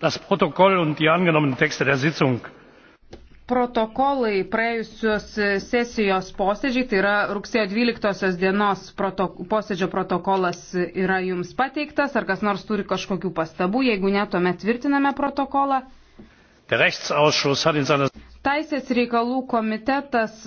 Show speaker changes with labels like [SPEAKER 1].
[SPEAKER 1] das protokoll und die angenommenen texte der sitzung
[SPEAKER 2] protokolai praėjusios sesijos posėdžiai, tai yra rugsėjo 12 dienos protok posėdžio protokolas yra jums pateiktas, ar kas nors turi kažkokių pastabų, jeigu ne, tuomet tvirtiname protokolą. Teisės reikalų komitetas